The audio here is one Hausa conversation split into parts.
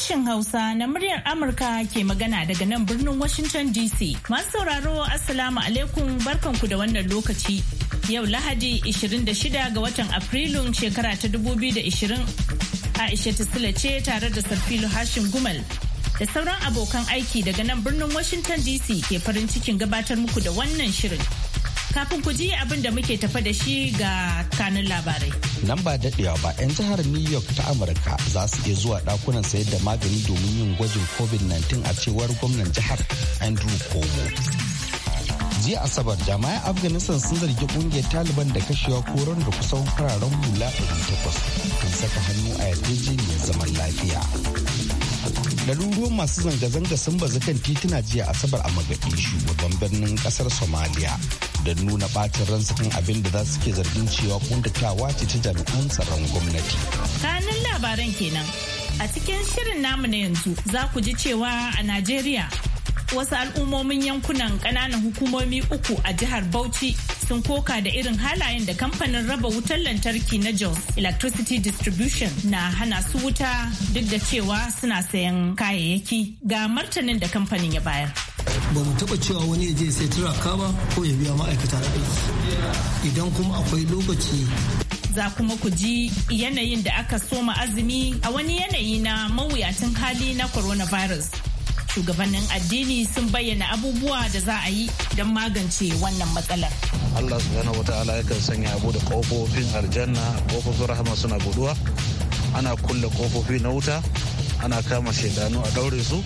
sashen Hausa na muryar Amurka ke magana daga nan birnin Washington DC. Masu sauraro Assalamu alaikum barkanku da wannan lokaci. Yau Lahadi 26 ga watan Afrilun shekara ta 2020. Aisha Tisila ce tare da Sarfilu Hashim Gumal. Da sauran abokan aiki daga nan birnin Washington DC ke farin cikin gabatar muku da wannan shirin. Kafin ku ji abin da muke tafa da shi ga kanun labarai. Nan ba daɗewa ba 'yan jihar New York ta Amurka za su iya zuwa ɗakunan sayar da magani domin yin gwajin COVID-19 a cewar gwamnan jihar Andrew Cuomo. jiya asabar jami'an afghanistan sun zargi ƙungiyar taliban da kashewa koron da kusan fararen hula 800 kan saka hannu a yarjejeniyar zaman lafiya ɗaruruwan masu zanga-zanga sun bazu kan tituna jiya asabar a magadishu babban birnin kasar somaliya don nuna ɓacin ransu kan abin da za su ke zargin cewa kundatawa ce ta jami'an tsaron gwamnati kanin labaran kenan a cikin shirin namu na yanzu za ku ji cewa a najeriya wasu al'ummomin yankunan ƙananan hukumomi uku a jihar bauchi sun koka da irin halayen da kamfanin raba wutar lantarki na Jos Electricity Distribution na hana su wuta duk da cewa suna sayan kayayyaki ga martanin da kamfanin ya bayar. ba mu taba cewa wani ya je sai turaka ba ko ya biya ma'aikata da idan kuma akwai lokaci za kuma ku ji yanayin da aka soma azumi a wani yanayi na mawuyacin hali na coronavirus shugabannin addini sun bayyana abubuwa da za a yi don magance wannan matsalar. Allah subhanahu wa ta'ala yakan sanya abu da kofofin aljanna kofofin rahama suna guduwa, ana kulle kofofi na wuta ana kama shaidanu a daure su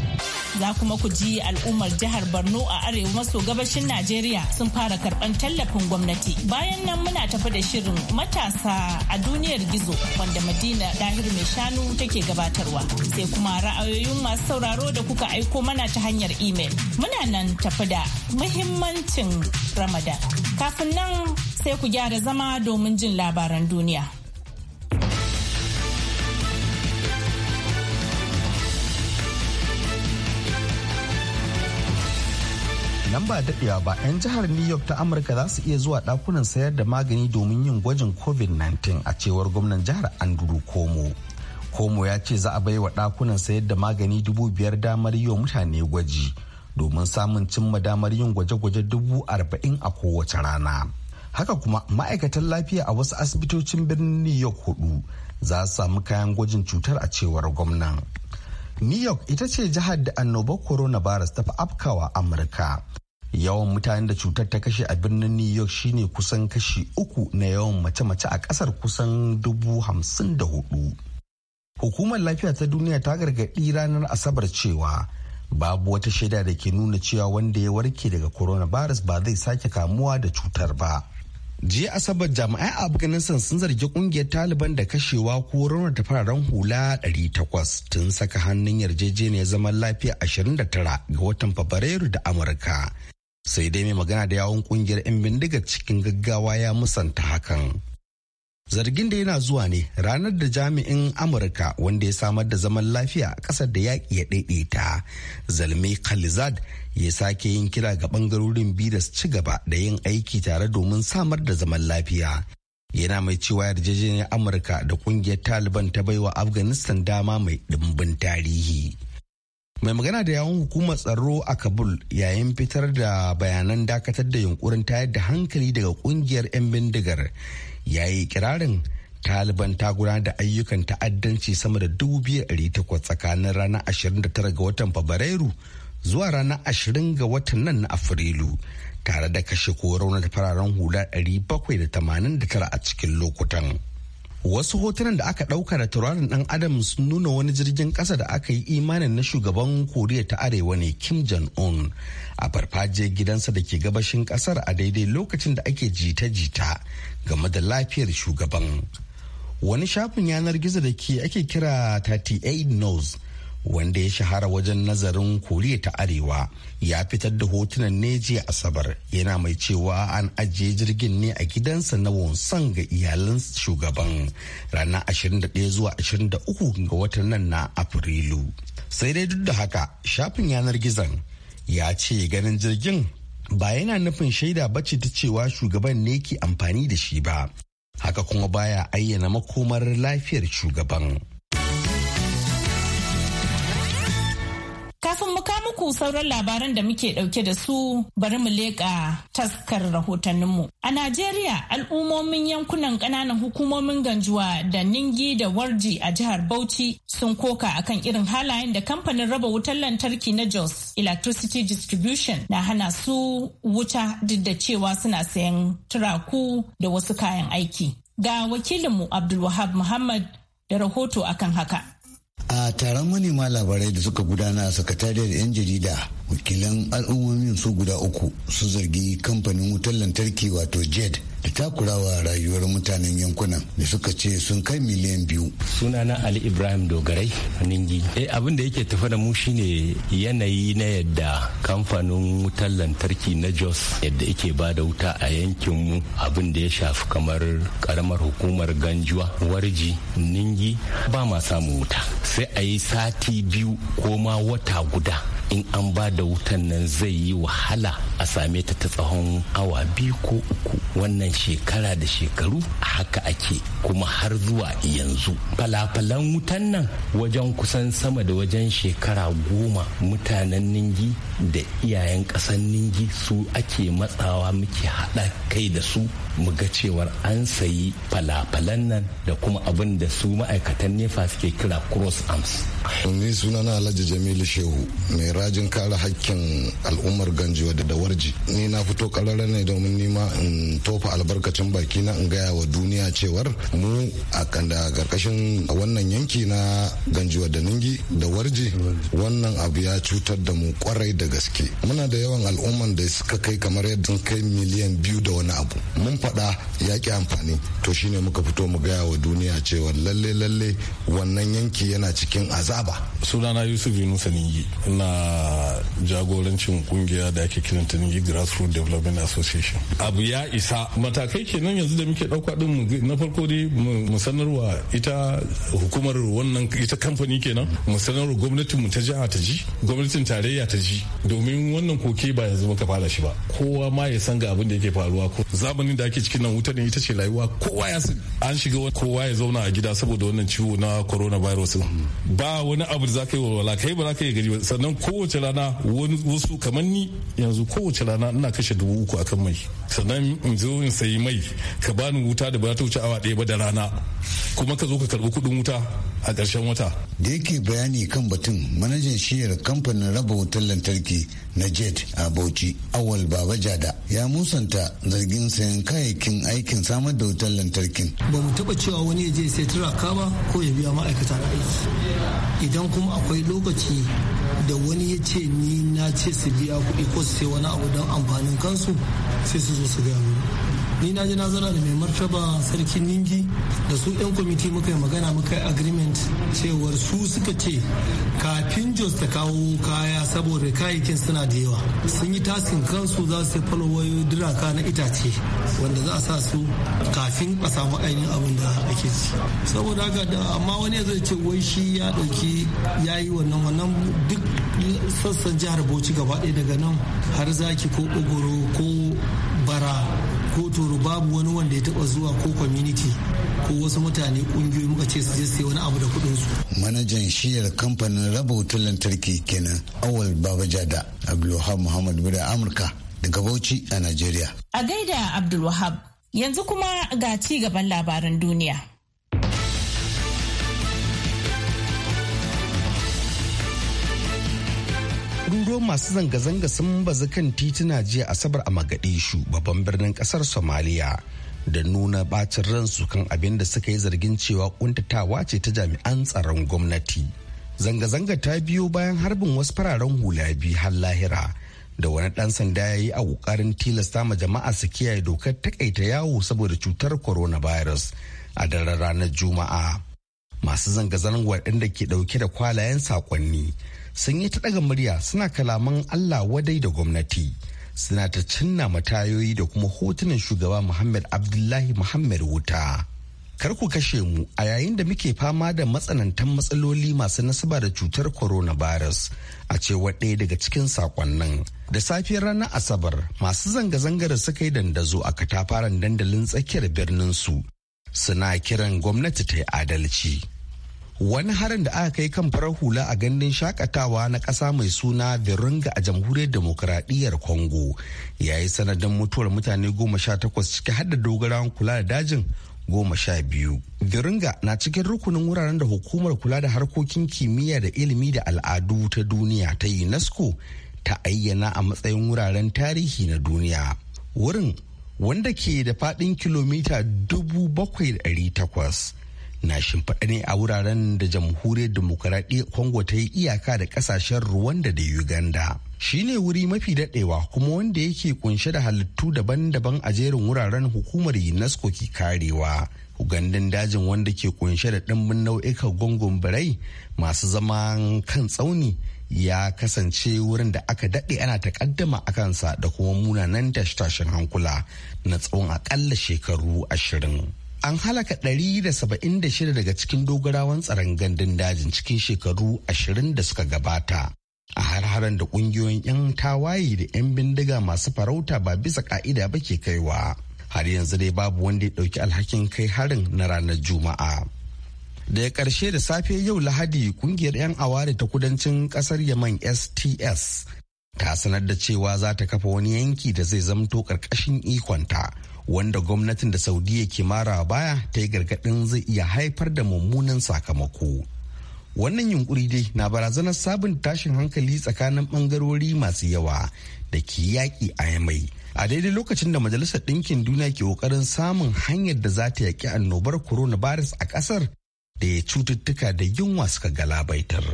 za kuma ku ji al'ummar jihar borno a arewa maso gabashin najeriya sun fara karɓan tallafin gwamnati bayan nan muna tafi da shirin matasa a duniyar gizo wanda madina dahir mai shanu take gabatarwa sai kuma ra'ayoyin masu sauraro da kuka aiko mana ta hanyar imel muna nan tafi da muhimmancin ramadan kafin nan sai ku gyara zama domin jin labaran duniya nan ba daɗewa ba 'yan jihar new york ta amurka za su iya zuwa ɗakunan sayar da magani domin yin gwajin covid-19 a cewar gwamnan jihar andrew komo komo ya ce za a bai wa ɗakunan sayar da magani dubu biyar damar yi wa mutane gwaji domin samun cimma damar yin gwaje-gwaje dubu arba'in a kowace rana haka kuma ma'aikatan lafiya a wasu asibitocin birnin new york hudu za su samu kayan gwajin cutar a cewar gwamnan New York ita ce jihar da annobar coronavirus ta fi afkawa Amurka yawan mutanen da cutar ta kashe a birnin new york shine kusan kashi uku na yawan mace-mace a kasar kusan dubu hamsin da hudu hukumar lafiya ta duniya ta gargaɗi ranar asabar cewa babu wata shaida da ke nuna cewa wanda ya warke daga coronavirus ba zai sake kamuwa da cutar ba jiya asabar jami'ai a afghanistan sun zargi kungiyar taliban da kashewa ko raunata fararen hula 800 tun saka hannun yarjejeniyar zaman lafiya 29 ga watan fabrairu da amurka sai dai mai magana da yawon kungiyar 'yan bindiga cikin gaggawa ya musanta hakan zargin da yana zuwa ne ranar da jami'in amurka wanda ya samar da zaman lafiya a ƙasar da yaƙi ya ɗaiɗaita zalmi khalizad ya sake yin kira ga ɓangarorin biyu da su ci gaba da yin aiki tare domin samar da zaman lafiya yana mai cewa yarjejeniyar amurka da kungiyar taliban ta baiwa afghanistan dama mai ɗimbin tarihi mai magana da yawon hukumar tsaro a kabul yayin fitar da bayanan dakatar da yunkurin tayar da hankali daga kungiyar 'yan bindigar ya yi kirarin taliban ta gudanar da ayyukan ta'addanci sama da 2,800 tsakanin ranar 29 ga watan fabrairu zuwa ranar 20 ga watan nan na afrilu tare da kashe ko na fararen hula 789 a cikin lokutan. wasu hotunan da aka ɗauka da tauraron ɗan adam sun nuna wani jirgin ƙasa da aka yi imanin na shugaban koriya ta arewa ne kim jong-un a farfajiyar gidansa da ke gabashin ƙasar a daidai lokacin da ake jita-jita game da lafiyar shugaban wani shafin yanar gizo da ke ake kira 38 nose wanda ya shahara wajen nazarin koriya ta arewa ya fitar da hotunan ne asabar yana mai cewa an ajiye jirgin ne a gidansa na wonsan ga iyalan shugaban ranar 21 zuwa 23 ga watan nan na afrilu sai dai duk da haka shafin yanar gizon ya ce ganin jirgin ba yana nufin shaida bace ta cewa shugaban ne ke amfani da shi ba haka kuma baya ayyana makomar lafiyar shugaban. Kafin mu ka muku sauran labaran da muke dauke da su bari mu leƙa taskar rahotanninmu. A Najeriya al'ummomin yankunan ƙananan hukumomin ganjuwa da Ningi da Warji a jihar Bauchi sun koka akan irin halayen da kamfanin raba wutar lantarki na Jos Electricity Distribution na hana su wuta duk da cewa suna sayan turaku da wasu kayan aiki. Ga wakilinmu Abdulwahab Muhammad da rahoto akan haka. a taron manema labarai da suka gudana a sakatariyar 'yan jarida wakilan al'ummomin su guda uku su zargi kamfanin wutar lantarki wato jed da takurawa rayuwar mutanen yankunan da suka ce sun kai miliyan biyu. Sunana Ali Ibrahim Dogarai Ningi. Eh abin da yake tafa da mu shine yanayi na yadda kamfanin wutar lantarki na Jos yadda yake ba da wuta a yankin mu abin da ya shafi kamar karamar hukumar Ganjuwa, Warji, Ningi ba ma samun wuta. Sai a yi sati biyu ko ma wata guda in an ba da wutan nan zai yi wahala a same ta ta tsawon awa biyu ko uku wannan shekara da shekaru a haka ake kuma har zuwa yanzu falafalan wutan nan wajen kusan sama da wajen shekara goma mutanen ningi da iyayen ƙasan ningi su ake matsawa muke haɗa kai da su mu ga cewar an sayi falafalan nan da kuma abin da su ma'aikatan nefa suke kira cross arms ni sunana alhaji jamilu shehu mai rajin kare hakkin al'ummar ganjiwa da dawarji ni na fito karara ne domin nima in tofa albarkacin baki na in gaya wa duniya cewar mu a kanda karkashin wannan yanki na ganjiwa da ningi da warji wannan abu ya cutar da mu kwarai da gaske muna da yawan al'umman da suka kai kamar yadda kai miliyan biyu da wani abu mun faɗa ya amfani to shine muka fito mu gaya wa duniya cewa lalle lalle wannan yanki yana cikin azaba sunana yusuf yunusa ningi ina jagorancin kungiya da ake kiranta ni grassroots development association abu ya isa matakai kenan yanzu da muke ɗauka din na farko dai mu sanarwa ita hukumar wannan ita kamfani kenan mu sanarwa gwamnatin mu ta jiha ta ji gwamnatin tarayya ta ji domin wannan koke ba yanzu muka fara shi ba kowa ma ya san ga abin da yake faruwa ko zamanin da ake cikin nan wuta ne ita ce rayuwa kowa ya san an shiga kowa ya zauna a gida saboda wannan ciwo na coronavirus ba wani abu da zaka yi walwala kai ba zaka yi gari sannan ko kowace rana wani wasu kamar ni yanzu kowace rana ina kashe dubu uku akan mai sannan in zo in sayi mai ka bani wuta da ba ta wuce awa ɗaya ba da rana kuma ka zo ka karɓi kuɗin wuta a ƙarshen wata. Da yake bayani kan batun manajan shiyar kamfanin raba wutar lantarki na jet a Bauchi Awal Baba Jada ya musanta zargin sayan kayayyakin aikin samar da wutar lantarkin. Ba mu taɓa cewa wani ya je sai ka ba ko ya biya ma'aikata na aiki. Idan kuma akwai lokaci da wani ya ce ni na ce su biya kuɗi ko su sai wani abu don amfanin kansu sai su zo su gaya mini ni na ji na da mai martaba sarkin ningi da su yan kwamiti muka yi magana muka yi agreement cewar su suka ce kafin jos ta kawo kaya saboda kayayyakin suna da yawa sun yi tasin kansu za su wayo diraka na itace wanda za a sa su kafin a samu ainihin abin da ake ci saboda haka da amma wani zai ce wai shi ya dauki ya yi wannan wannan duk sassan jihar bauchi gaba daya daga nan har zaki ko ogoro ko ko toro babu wani wanda ya taba zuwa ko community ko wasu mutane kungiyoyi muka ce su je su wani abu da kudin su manajan shiyar kamfanin raba wutar lantarki kenan awal babajada abdulwahab muhammad bude amurka daga bauchi a nigeria a gaida abdulwahab yanzu kuma ga ci gaban labaran duniya Ɗuruwan masu zanga-zanga sun bazu kan tituna jiya Asabar a Magadishu babban birnin ƙasar Somaliya da nuna bacin ransu kan abin da suka yi zargin cewa kuntatawa ce ta jami'an tsaron gwamnati. Zanga-zanga ta biyo bayan harbin wasu fararen hula biyu har lahira da wani ɗan sanda ya yi a ƙoƙarin tilasta ma jama'a su kiyaye dokar taƙaita yawo saboda cutar coronavirus a daren ranar Juma'a. Masu zanga-zangar waɗanda ke ɗauke da kwalayen saƙonni sun yi ta ɗaga murya suna kalaman Allah wadai da gwamnati suna ta cinna matayoyi da kuma hotunan shugaba Muhammad Abdullahi Muhammad wuta. Kar ku kashe mu a yayin da muke fama da matsanantan matsaloli masu nasaba da cutar coronavirus a cewar ɗaya daga cikin sakonnin. Da safiyar ranar Asabar masu zanga-zangar suka yi dandazo a katafaren dandalin tsakiyar birnin su suna kiran gwamnati ta yi adalci. wani harin da aka kai kan farar hula a gandun shakatawa na ƙasa mai suna virunga a jamhuriyar demokuraɗiyyar congo ya yi sanadin mutuwar mutane goma sha takwas ciki har da dogarawan kula da dajin goma sha biyu virunga na cikin rukunin wuraren da hukumar kula da harkokin kimiyya da ilimi da al'adu ta duniya ta unesco ta ayyana a matsayin wuraren tarihi na duniya wurin wanda ke da faɗin kilomita dubu bakwai da takwas na shimfiɗa ne a wuraren da jamhuriyar demokuraɗiyyar kongo ta yi iyaka da ƙasashen ruwanda da Uganda. Shi ne wuri mafi daɗewa kuma wanda yake kunshe da halittu daban-daban a jerin wuraren hukumar UNESCO ke karewa. Ugandan dajin wanda ke kunshe da ɗimbin nau'ikan gungun birai masu zama kan tsauni ya kasance wurin da aka daɗe ana takaddama a kansa da kuma munanan tashe-tashen hankula na tsawon akalla shekaru ashirin. an halaka 176 daga cikin dogarawan tsaron gandun dajin cikin shekaru 20 da suka gabata a harharen da kungiyoyin 'yan tawaye da 'yan bindiga masu farauta ba bisa ka'ida ba ke kaiwa har yanzu dai babu wanda ya ɗauki alhakin kai harin na ranar juma'a daga ƙarshe da safe yau lahadi kungiyar 'yan aware ta kudancin ƙasar yaman sts ta sanar da cewa za ta kafa wani yanki da zai zamto ƙarƙashin ikonta wanda gwamnatin da saudiya ke mara baya ta yi gargaɗin zai iya haifar da mummunan sakamako wannan yunkuri dai na barazanar sabon tashin hankali tsakanin bangarori masu yawa da ke yaƙi a yamai a daidai lokacin da majalisar ɗinkin duniya ke ƙoƙarin samun hanyar da za ta yaƙi annobar coronavirus a ƙasar da ya cututtuka da yunwa suka galabaitar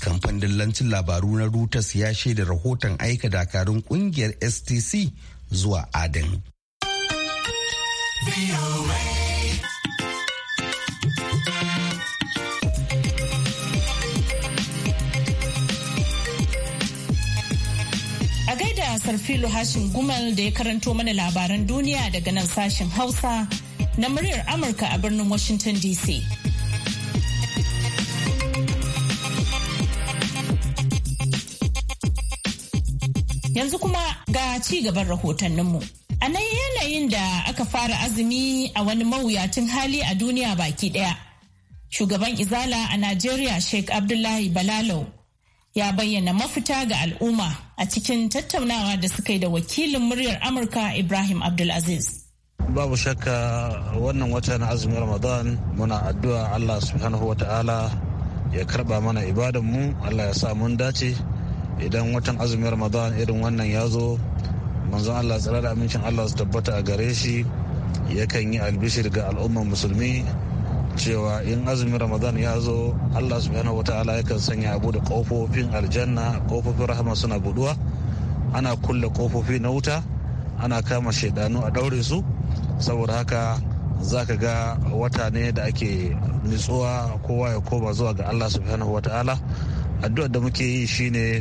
kamfanin dillancin labaru na reuters ya shaida rahoton aika dakarun ƙungiyar stc zuwa adin A gaida Sarfilo Hashin Gumal da ya karanto mana labaran duniya daga nan sashen Hausa na muryar Amurka a birnin Washington DC. Yanzu kuma ga ci gaban rahotanninmu. A nan yanayin da aka fara azumi a wani mawuyacin hali a duniya baki daya shugaban izala a najeriya sheikh abdullahi balalau ya bayyana mafita ga al'umma a cikin tattaunawa da suka yi da wakilin muryar amurka ibrahim abdulaziz babu shakka wannan wata na azumin ramadan muna addu'a allah subhanahu wa ta'ala ya karba mana ibadanmu allah ya sa mun dace idan watan azumin ramadan irin wannan ya zo manzon Allah tsira da amincin Allah su tabbata a gare shi yakan yi albishir ga al'ummar musulmi cewa in azumin ramadan ya zo Allah subhanahu wata'ala kan sanya abu da kofofin aljanna kofofin rahama suna buduwa ana kulle kofofi na wuta ana kama shaidanu a daure su saboda haka za ka ga wata ne da ake nutsuwa kowa ya koma zuwa ga allah subhanahu wa ta'ala addu'ar da muke yi shine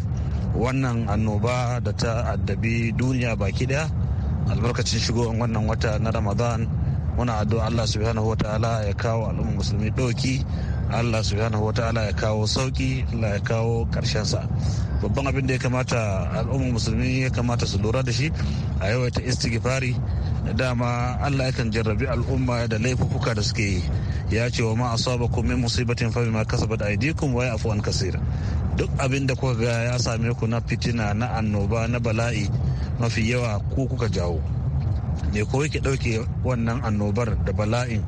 wannan annoba da ta addabi duniya baki daya albarkacin shigowar wannan wata na ramadan muna addu'a allah subhanahu wataala ya kawo al'ummar musulmi ɗauki allah subhanahu wataala ya kawo sauki allah ya kawo sa babban abin da ya kamata al'ummar musulmi ya kamata su lura da shi a yawaita istighfari dama allah yakan jarrabi al'umma da laifuka da suke yi ya ce wa ma asaba kum min musibatin fa bima kasabat aydikum wa ya'fu an kaseera duk abin da kuka ga ya same ku na fitina na annoba na bala'i mafi yawa ku kuka jawo me ko yake dauke wannan annobar da bala'in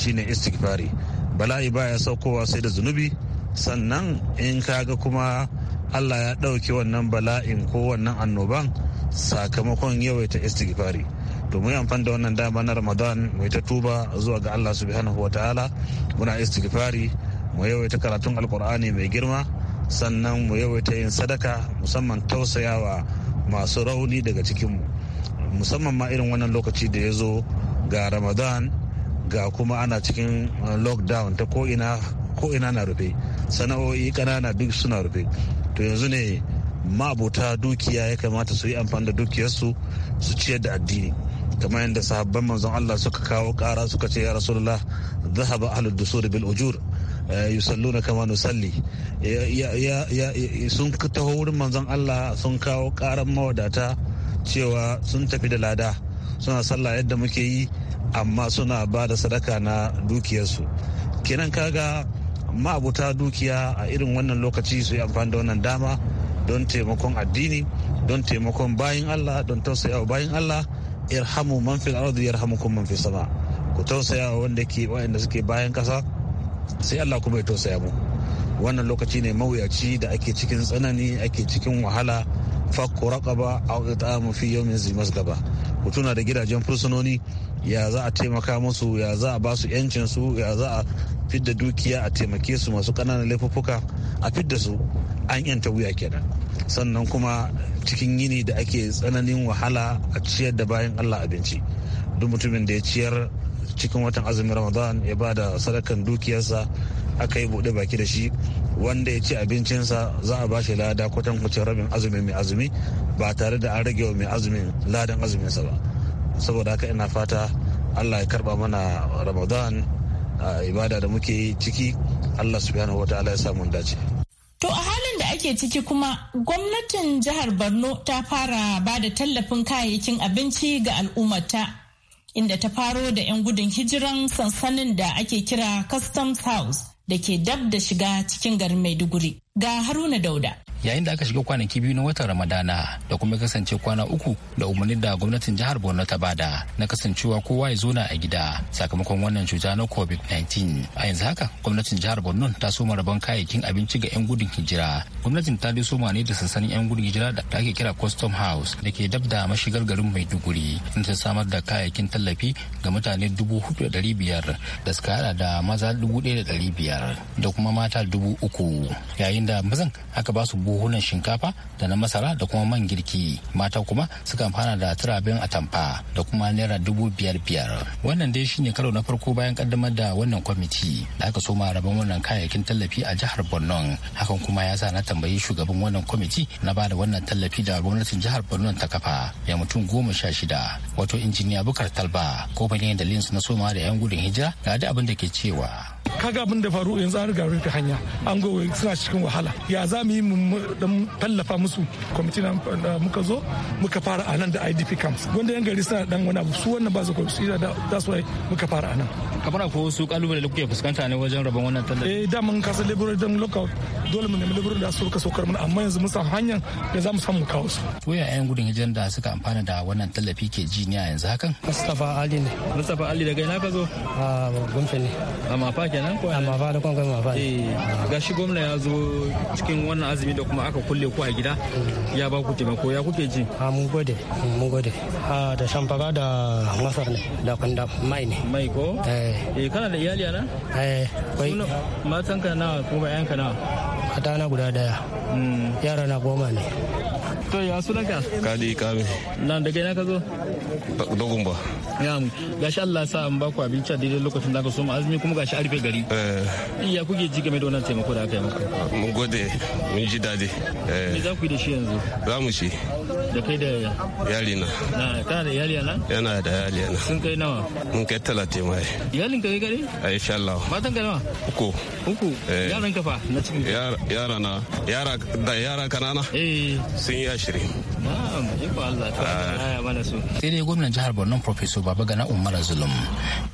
shine istighfari bala'i baya saukowa sai da zunubi sannan in ka ga kuma allah ya dauke wannan bala'in ko wannan annoban sakamakon yawaita istighfari to mu amfani da wannan dama na ramadan mai ta tuba zuwa ga allah subhanahu wa ta'ala muna istighfari mu yawaita karatun alkur'ani mai girma sannan mu yawaita yin sadaka musamman tausayawa masu rauni daga cikinmu musamman ma irin wannan lokaci da ya zo ga ramadan ga kuma ana cikin uh, lockdown ta ko'ina ko'ina na rufe sana'o'i ƙanana duk suna rufe to yanzu ne ma'abota dukiya ya kamata su yi amfani da dukiyarsu su ciyar da addini kamar yadda sahabban manzon Allah suka kawo kara suka ce ya rasulullah zahaba ahlul dusur bil ujur Eh, yusalluna kama nusalli sun taho wurin manzon Allah sun kawo karan mawadata cewa sun tafi da lada suna sallah yadda muke yi amma suna ba da sadaka na dukiyarsu kenan kaga ma'abuta dukiya a irin wannan lokaci su yi amfani da wannan dama don taimakon addini don taimakon bayan Allah don tausaya wa bayan Allah irhamu man fil ardi yarhamukum man fis sama ku tausaya wa wanda ke wayanda suke bayan kasa sai allah kuma ya tausaya mu wannan lokaci ne mawuyaci da ake cikin tsanani ake cikin wahala fakko raqaba aw mu fi yawmin gaba. Ku tuna da gidajen fursunoni ya za a taimaka musu ya za a basu yancin su ya za a fidda dukiya a taimake su masu ƙananan laifuffuka a fidda su an yanta wuya kenan sannan kuma cikin yini da ake tsananin wahala a ciyar da bayan allah abinci duk mutumin da ya ciyar cikin watan azumin ramadan ya ba da sadakan dukiyarsa aka yi buɗe baki da shi wanda ya ci abincinsa za a ba shi lada kwatan rabin azumin mai azumi ba tare da an rage wa mai azumin ladan azuminsa ba saboda haka ina fata allah ya karba mana ramadan a ibada da muke ciki allah subhanahu wata ta'ala ya samu dace to a halin da ake ciki kuma gwamnatin jihar borno ta fara ba da tallafin kayayyakin abinci ga al'ummata inda ta faro da 'yan gudun hijiran sansanin da ake kira customs house da ke dab da shiga cikin garin maiduguri ga haruna dauda yayin da aka shiga kwanaki biyu na watan ramadana da kuma kasance kwana uku da umarni da gwamnatin jihar borno ta bada na kasancewa kowa ya zona a gida sakamakon wannan cuta na covid-19 a yanzu haka gwamnatin jihar borno ta soma rabon kayayyakin abinci ga 'yan gudun hijira gwamnatin ta dai soma ne da sansanin 'yan gudun hijira da ake kira custom house da ke dab da mashigar garin maiduguri ta samar da kayayyakin tallafi ga mutane dubu hudu da dari biyar da suka hada da maza dubu ɗaya da dari biyar da kuma mata dubu uku yayin da mazan aka ba su buhunan shinkafa da na masara da kuma man girki mata kuma suka amfana da turabin atamfa da kuma naira dubu biyar biyar wannan dai shine karo na farko bayan kaddamar da wannan kwamiti da aka soma rabon wannan kayayyakin tallafi a jihar borno hakan kuma ya sa na tambayi shugaban wannan kwamiti na ba da wannan tallafi da gwamnatin jihar borno ta kafa ya mutum goma sha shida wato injiniya bukar talba ko ne da su na soma da yan gudun hijira ga da abin da ke cewa kaga abin da faru yanzu an riga rufe hanya an go suna cikin wahala ya za mu yi mu dan tallafa musu kwamiti na muka zo muka fara anan da idp camps wanda yan gari suna dan wani abu su wannan ba su ko su da su muka fara anan kamar ko su kalubale da kuke fuskanta ne wajen rabon wannan tallafi eh da mun kasa laborer dan lockout dole mu nemi laborer da su ka sokar mun amma yanzu mun samu hanyar da za mu samu kawo su ko ya yan gudun hijiran da suka amfana da wannan tallafi ke ji ne yanzu hakan Mustafa Ali ne Mustafa Ali daga ina ka zo a ah, gunfe ne amma fa kenan ko a fa da kai mafa eh gashi gwamna ya zo cikin wannan azumi da kuma aka kulle ku a gida ya ba ku taimako ya kuke ji a ah, mun gode mun gode a ah, da shamfara da masar ne da kunda mai ne mai ko eh, eh kana da iyali ana eh kai ka na kuma ka na mata na guda daya hmm. yara na goma ne to ya sunanka kadi kabe nan daga ina ka zo dogon ba yam gashi Allah sa an ku abinci a daidai lokacin da aka so azumi kuma gashi arfe gari iya eh. kuke ji game da wannan taimako da aka yi muku mun gode mun ji dadi eh. me za ku yi da shi yanzu za mu shi da kai da yali na kana da yali na yana da yali na sun kai nawa mun kai talatin mai iyalin ka kai gari a eh, insha Allah matan ka nawa uku uku yaran ka fa na cikin yara na yara da yara kanana eh sun yi ashirin sai dai gwamnan jihar borno baba gana umar zulum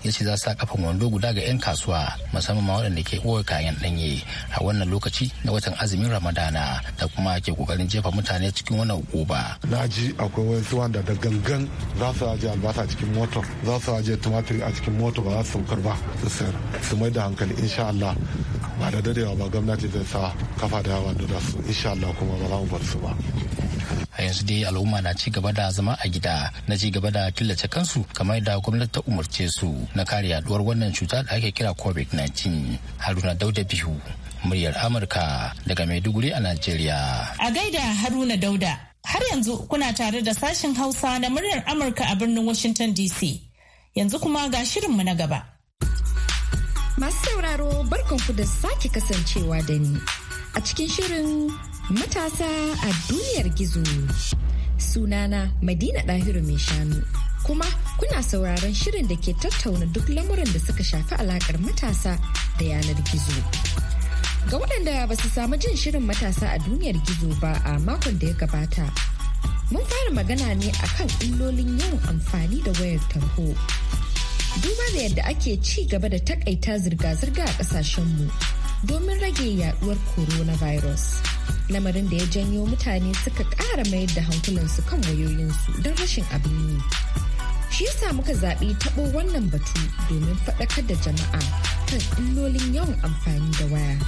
ya ce za su kafin wando guda ga 'yan kasuwa musamman ma waɗanda ke ɓoye kayan ɗanye a wannan lokaci na watan azumin ramadana da kuma ke kokarin jefa mutane cikin wannan guba na ji akwai wasu wanda da gangan za su aje albasa cikin motar za su aje tumatir a cikin motar ba za su saukar ba su sayar su mai da hankali insha Allah ba da dadewa ba gwamnati zai sa kafa da yawa da su insha Allah kuma ba za mu bar su ba a yanzu dai al'umma na ci gaba da zama a gida na ci gaba da killace kansu kamar da gwamnati ta umarce su na kare yaduwar wannan cuta da ake kira covid-19 haruna dauda biyu muryar amurka daga maiduguri a najeriya a gaida haruna dauda har yanzu kuna tare da sashin hausa na muryar amurka a birnin washington dc yanzu kuma ga shirin mu na gaba masu sauraro barkanku da sake kasancewa da ni a cikin shirin matasa a duniyar gizo. Sunana Madina Ɗahiru mai shanu. Kuma kuna sauraron shirin da ke tattauna duk lamuran da suka shafi alaƙar matasa da yanar gizo. Ga waɗanda ba su samu jin shirin matasa a duniyar gizo ba a makon da ya gabata. Mun fara magana ne a kan illolin yawan amfani da wayar tarho. Duba da yadda ake ci gaba da takaita zirga-zirga a ƙasashenmu. domin rage yaduwar coronavirus. Lamarin da ya janyo mutane suka ƙara mayar da hankulansu kan wayoyinsu don rashin abin yi. Shi yasa muka zaɓi taɓo wannan batu domin faɗakar da jama'a kan illolin yawan amfani da waya.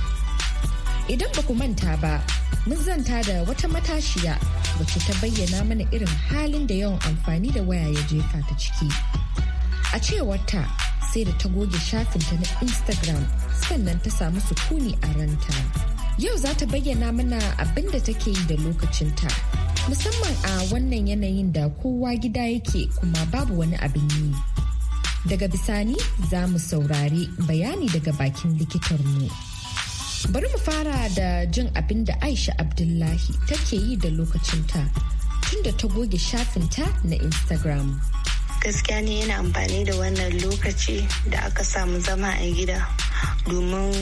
Idan ba ku manta ba, mun zanta da wata matashiya wacce ta bayyana mana irin halin da yawan amfani da waya ya jefa ta ciki. A cewarta sai da ta goge shafinta na Instagram sannan ta samu sukuni a ranta. Yau za ta bayyana mana abin da take yi da lokacinta. Musamman a wannan yanayin da kowa gida yake kuma babu wani abin yi. Daga bisani za mu saurari bayani daga bakin mu. Bari mu fara da jin abin da Aisha Abdullahi take yi da lokacinta tunda ta goge shafinta na Instagram. gaskiya ne yana amfani da wannan lokaci da aka samu zama a gida domin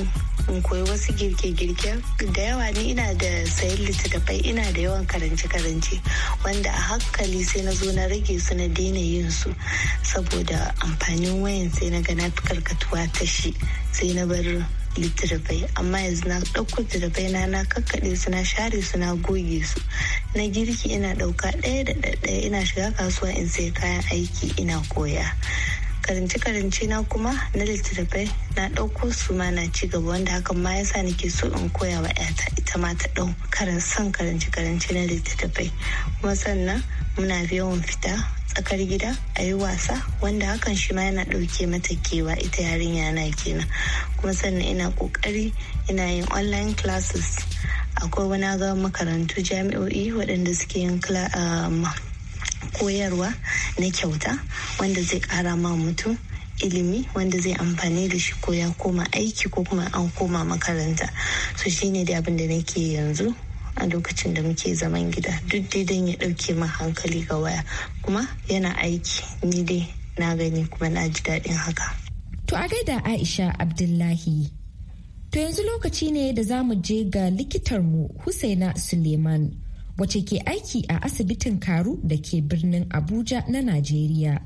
in koyi wasu girke-girke da yawa ni ina da sayan littattafai ina da yawan karance-karance wanda a hankali sai na zo na rage su na daina yin su saboda amfanin wayan sai na ga na fi karkatuwa ta shi sai na bar littattafai amma yanzu na ɗauko littattafai na na kakkaɗe su na share su na goge su na girki ina ɗauka ɗaya da ɗaya ina shiga kasuwa in sai kayan aiki ina koya karance-karance na kuma na littattafai na ɗauko su ma na ci gaba wanda hakan ma yasa nake so in koya wa 'yata ita ma ta ɗau karan son karance-karance na littattafai kuma sannan muna yawan fita tsakar gida a yi wasa wanda hakan shi ma yana ɗauke mata kewa ita yarinya na kenan kuma sannan ina ƙoƙari ina yin online classes akwai wani ga makarantu jami'o'i waɗanda suke yin um, koyarwa na kyauta wanda zai kara ma mutum ilimi wanda zai amfani da shi ko ya koma aiki ko kuma an koma makaranta so shine da abin da nake yanzu a lokacin da muke zaman gida duk dai don ya ɗauke min hankali ga waya kuma yana aiki ni dai na gani kuma na ji daɗin haka. To a gaida Aisha Abdullahi. To yanzu lokaci ne da za mu je ga mu Husaina Suleiman wacce ke aiki a asibitin Karu da ke birnin Abuja na Najeriya.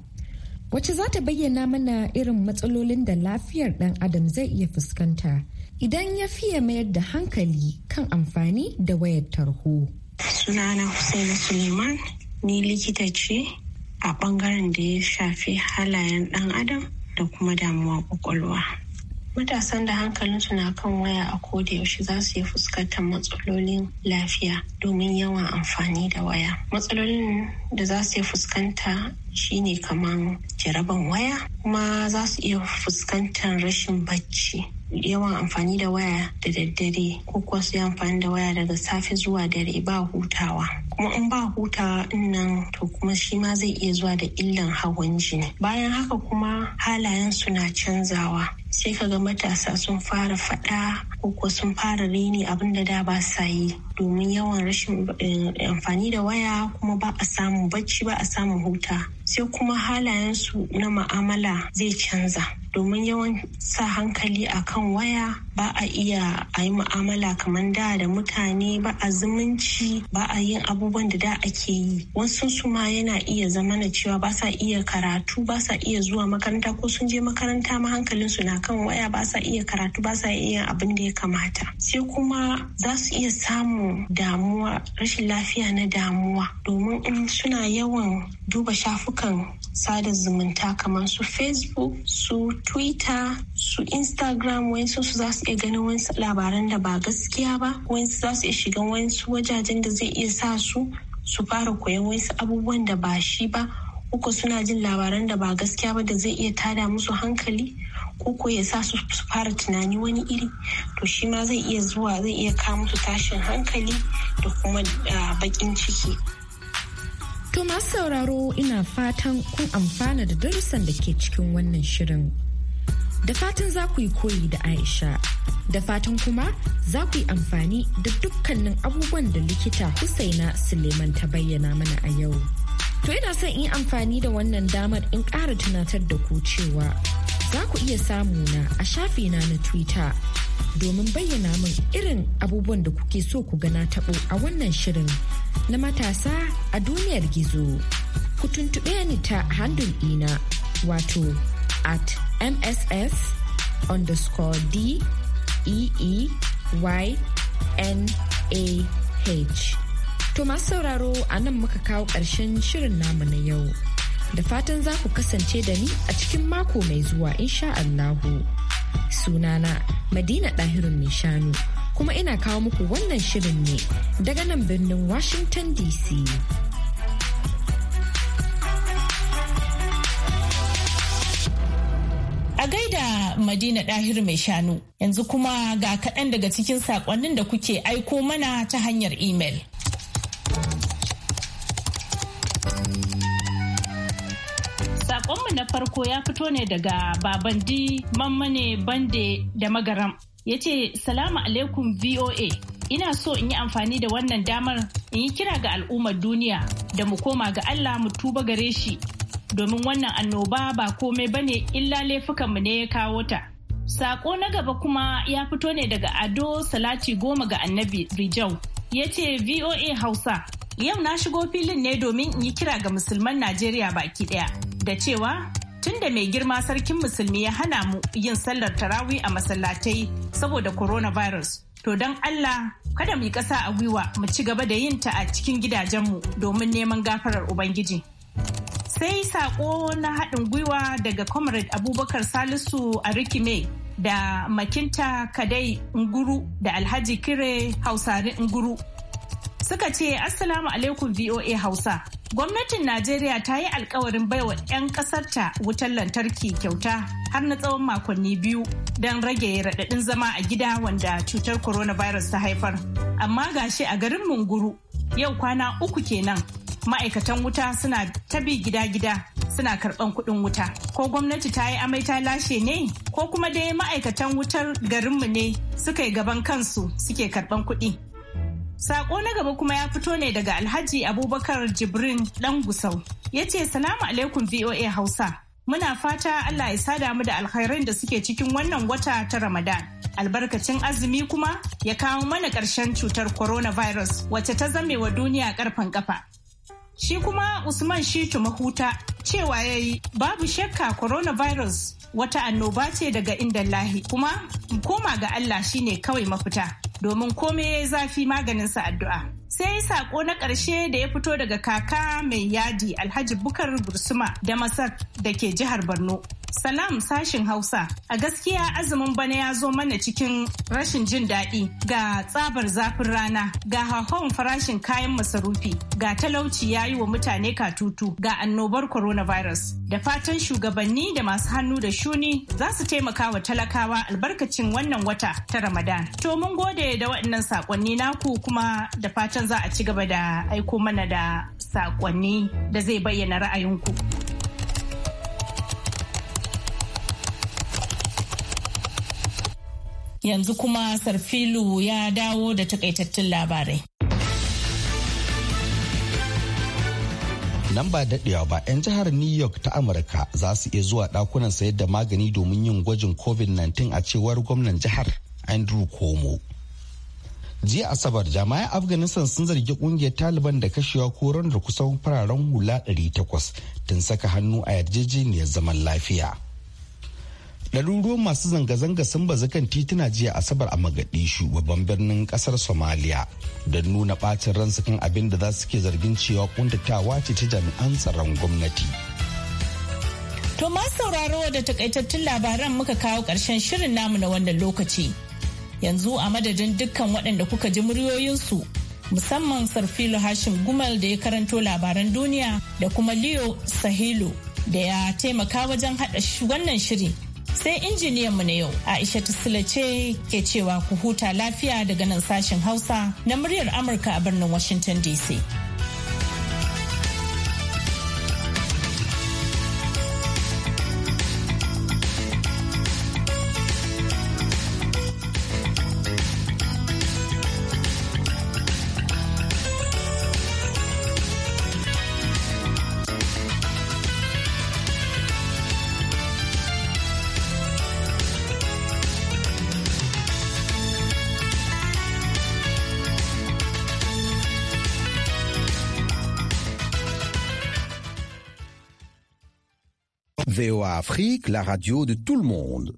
Wace za ta bayyana mana irin matsalolin da lafiyar ɗan adam zai iya fuskanta idan ya fiye mayar da hankali kan amfani da wayar tarho. Sunana Hussaina Suleiman ni likita ce a ɓangaren da ya shafi halayen ɗan adam da kuma damuwa ƙwaƙwalwa. matasan da hankalinsu na kan waya a koda yaushe za su yi fuskantar matsalolin lafiya domin yawan amfani da waya matsalolin da za su yi fuskanta shine kamar jaraban waya kuma za su iya fuskantar rashin bacci yawan amfani da waya da daddare ko kuwa su yi amfani da waya daga safe zuwa dare ba hutawa kuma in ba huta nan to kuma shi ma zai iya zuwa da illan hawan jini bayan haka kuma halayen su na canzawa sai kaga matasa sun fara fada ko sun fara reni abin da da ba sa yi domin yawan rashin eh, amfani da waya kuma ba a samun bacci ba a samun huta sai kuma halayen su na ma'amala zai canza domin yawan sa hankali a kan waya ba a iya a yi ma'amala kamar da da mutane ba a zumunci ba a yin abu abubuwan da da ake yi wasu su ma yana iya zama na cewa ba sa iya karatu ba sa iya zuwa makaranta ko sun je makaranta ma hankalin su na kan waya ba sa iya karatu ba sa iya abin da ya kamata sai kuma za su iya samun damuwa rashin lafiya na damuwa domin in suna yawan duba shafukan sada zumunta kamar su facebook su twitter su instagram wayansu su za su iya ganin wasu labaran da ba gaskiya ba wayansu za su iya shiga wayansu wajajen da zai iya sa su su fara koyan wasu abubuwan da ba shi ba uku suna jin labaran da ba gaskiya ba da zai iya tada musu hankali ko ko ya sa su fara tunani wani iri to shi ma zai iya zuwa zai iya kawo musu tashin hankali da kuma ah, bakin ciki To masu sauraro ina fatan kun amfana da darussan da ke cikin wannan shirin. Da fatan za ku yi koyi da Aisha, da fatan kuma za ku yi amfani da dukkanin abubuwan da likita Husaina Suleiman ta bayyana mana a yau. To ina son in amfani da wannan damar in ƙara tunatar da ku cewa za ku iya samu na a shafina na Twitter domin bayyana min irin abubuwan da kuke so ku gana taɓo a wannan shirin na matasa a duniyar gizo. Ku tuntuɓe ni ta handul ina wato at mss underscore d e e y n a h. To masu sauraro a nan muka kawo ƙarshen shirin namu na yau. Da fatan za ku kasance da ni a cikin mako mai zuwa insha Allahu. Sunana Madina Ɗahirin mai shanu kuma ina kawo muku wannan shirin ne daga nan birnin Washington DC. A gaida Madina Ɗahir mai shanu yanzu kuma ga kaɗan daga cikin saƙonnin da kuke aiko mana ta hanyar imel. na farko ya fito ne daga babandi mammane bande da magaram. Ya ce, Salamu alaikum VOA, ina so in yi amfani da wannan damar in yi kira ga al'ummar duniya da mu koma ga Allah mu tuba gare shi domin wannan annoba ba komai ba ne, illa mu ne ya kawo ta. Sako na gaba kuma ya fito ne daga Ado Salati Goma ga Annabi Rijau. Ya ce VOA Hausa, Yau na shigo filin ne domin in yi kira ga musulman Najeriya baki ɗaya da cewa tun da mai girma sarkin musulmi ya hana mu yin sallar tarawi a masallatai saboda coronavirus. To don Allah kada mu yi ƙasa a gwiwa mu ci gaba da yin ta a cikin gidajenmu domin neman gafarar Ubangiji. Sai saƙo na haɗin gwiwa daga Comrade Abubakar Salisu a Rikime da Makinta Kadai Nguru da Alhaji Kire Hausari Nguru suka ce Assalamu alaikum VOA Hausa. Gwamnatin Najeriya ta yi alkawarin baiwa 'yan ƙasarta wutar lantarki kyauta har na tsawon makonni biyu don rage raɗaɗin zama a gida wanda cutar coronavirus ta haifar. Amma gashi a garin Munguru yau kwana uku kenan ma'aikatan wuta suna ta bi gida-gida suna karɓan kuɗin wuta ko gwamnati ta yi amai ta lashe ne ko kuma dai ma'aikatan wutar garinmu ne suka yi gaban kansu suke karban kuɗi Sako na gaba kuma ya fito ne daga Alhaji Abubakar Jibrin dan Gusau. Ya ce, Salamu alaikum VOA Hausa. Muna fata Allah ya sada mu da alkhairan da suke cikin wannan wata ta Ramadan. Albarkacin azumi kuma ya kawo mana ƙarshen cutar coronavirus wacce ta zame wa duniya ƙarfen kafa. Shi kuma Usman Shitu Mahuta cewa ya yi babu shakka coronavirus wata annoba ce daga inda lahi kuma koma ga Allah shine kawai mafita domin komai ya yi zafi maganinsa addu'a. sai sako na ƙarshe da ya fito daga kaka mai yadi alhaji bukar Bursuma da masar da ke jihar borno Salam sashin Hausa. A gaskiya azumin bana ya zo mana cikin rashin jin daɗi ga tsabar zafin rana, ga hahon farashin kayan masarufi, ga talauci ya yi wa mutane katutu, ga annobar coronavirus. Da fatan shugabanni da masu hannu da shuni za su taimaka wa talakawa albarkacin wannan wata ta Ramadan. To mun gode da waɗannan saƙonni naku kuma da fatan za a ci gaba da aiko mana da saƙonni da zai bayyana ra'ayinku. Yanzu kuma Sarfilu ya dawo da takaitattun labarai. nan ba daɗewa ba 'yan jihar new york ta amurka za su iya zuwa ɗakunan sayar da magani domin yin gwajin covid-19 a cewar gwamnan jihar andrew cuomo jiya asabar jami'an afghanistan sun zargi ƙungiyar taliban da kashewa ko da kusan fararen hula 800 tun saka hannu a yarjejeniyar zaman lafiya Ɗaruruwan masu zanga-zanga sun bazu kan tituna jiya Asabar a Magadishu babban birnin ƙasar Somalia don nuna ɓacin ransu kan abin da za su ke zargin cewa kuntatawa ce ta jami'an tsaron gwamnati. To masu sauraro da takaitattun labaran muka kawo ƙarshen shirin namu na wannan lokaci. Yanzu a madadin dukkan waɗanda kuka ji muryoyinsu musamman Sarfilo Hashim Gumal da ya karanto labaran duniya da kuma Leo Sahilo da ya taimaka wajen haɗa wannan shiri. sai injiniyanmu na yau aisha tusila ce ke cewa ku huta lafiya daga nan sashen hausa na muryar amurka a birnin washington dc Afrique, la radio de tout le monde.